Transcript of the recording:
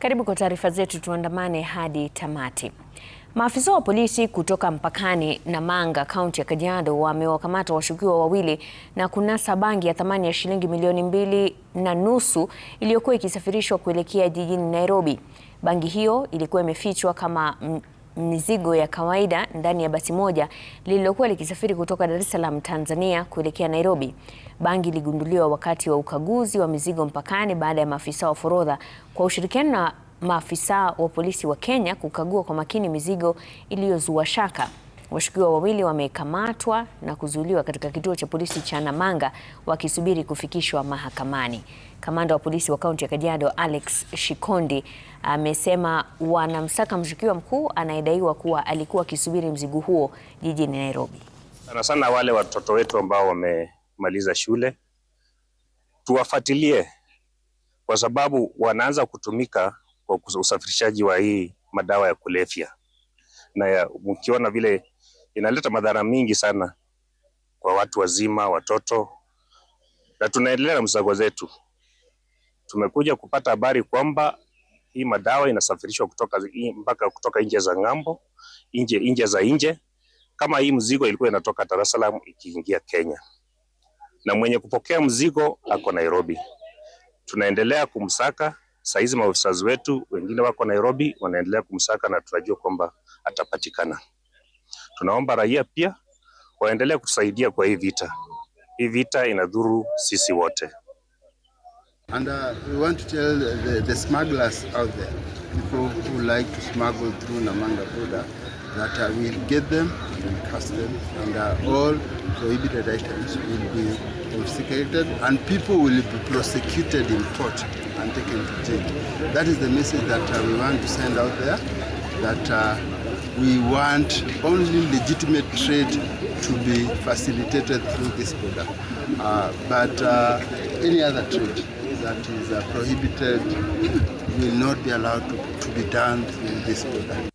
Karibu kwa taarifa zetu, tuandamane hadi tamati. Maafisa wa polisi kutoka mpakani na manga kaunti ya Kajiado, wamewakamata washukiwa wawili na kunasa bangi ya thamani ya shilingi milioni mbili na nusu iliyokuwa ikisafirishwa kuelekea jijini Nairobi. Bangi hiyo ilikuwa imefichwa kama mizigo ya kawaida ndani ya basi moja lililokuwa likisafiri kutoka Dar es Salaam, Tanzania kuelekea Nairobi. Bangi iligunduliwa wakati wa ukaguzi wa mizigo mpakani baada ya maafisa wa forodha kwa ushirikiano na maafisa wa polisi wa Kenya kukagua kwa makini mizigo iliyozua shaka. Washukiwa wawili wamekamatwa na kuzuiliwa katika kituo cha polisi cha Namanga wakisubiri kufikishwa mahakamani. Kamanda wa polisi wa kaunti ya Kajiado Alex Shikondi amesema wanamsaka mshukiwa mkuu anayedaiwa kuwa alikuwa akisubiri mzigo huo jijini Nairobi. Sana sana wale watoto wetu ambao wamemaliza shule tuwafuatilie, kwa sababu wanaanza kutumika kwa usafirishaji wa hii madawa ya kulevya na ukiona vile inaleta madhara mingi sana kwa watu wazima, watoto, na tunaendelea na msago zetu. Tumekuja kupata habari kwamba hii madawa inasafirishwa kutoka mpaka kutoka nje za ng'ambo, nje nje za nje. Kama hii mzigo ilikuwa inatoka Dar es Salaam ikiingia Kenya, na mwenye kupokea mzigo ako Nairobi. Tunaendelea kumsaka saizi, maofisa wetu wengine wako Nairobi wanaendelea kumsaka, na tunajua kwamba atapatikana. Tunaomba raia pia waendelee kutusaidia kwa hii vita. Hii vita inadhuru sisi wote. And uh, we want to tell the, the smugglers out there, people who like to smuggle through Namanga border, that uh, we'll get them and cast them and uh, all prohibited items will be confiscated and people will be prosecuted in court and taken to jail. That is the message that uh, we want to send out there, that uh, we want only legitimate trade to be facilitated through this border. Uh, but uh, any other trade that is uh, prohibited will not be allowed to, to be done through this border.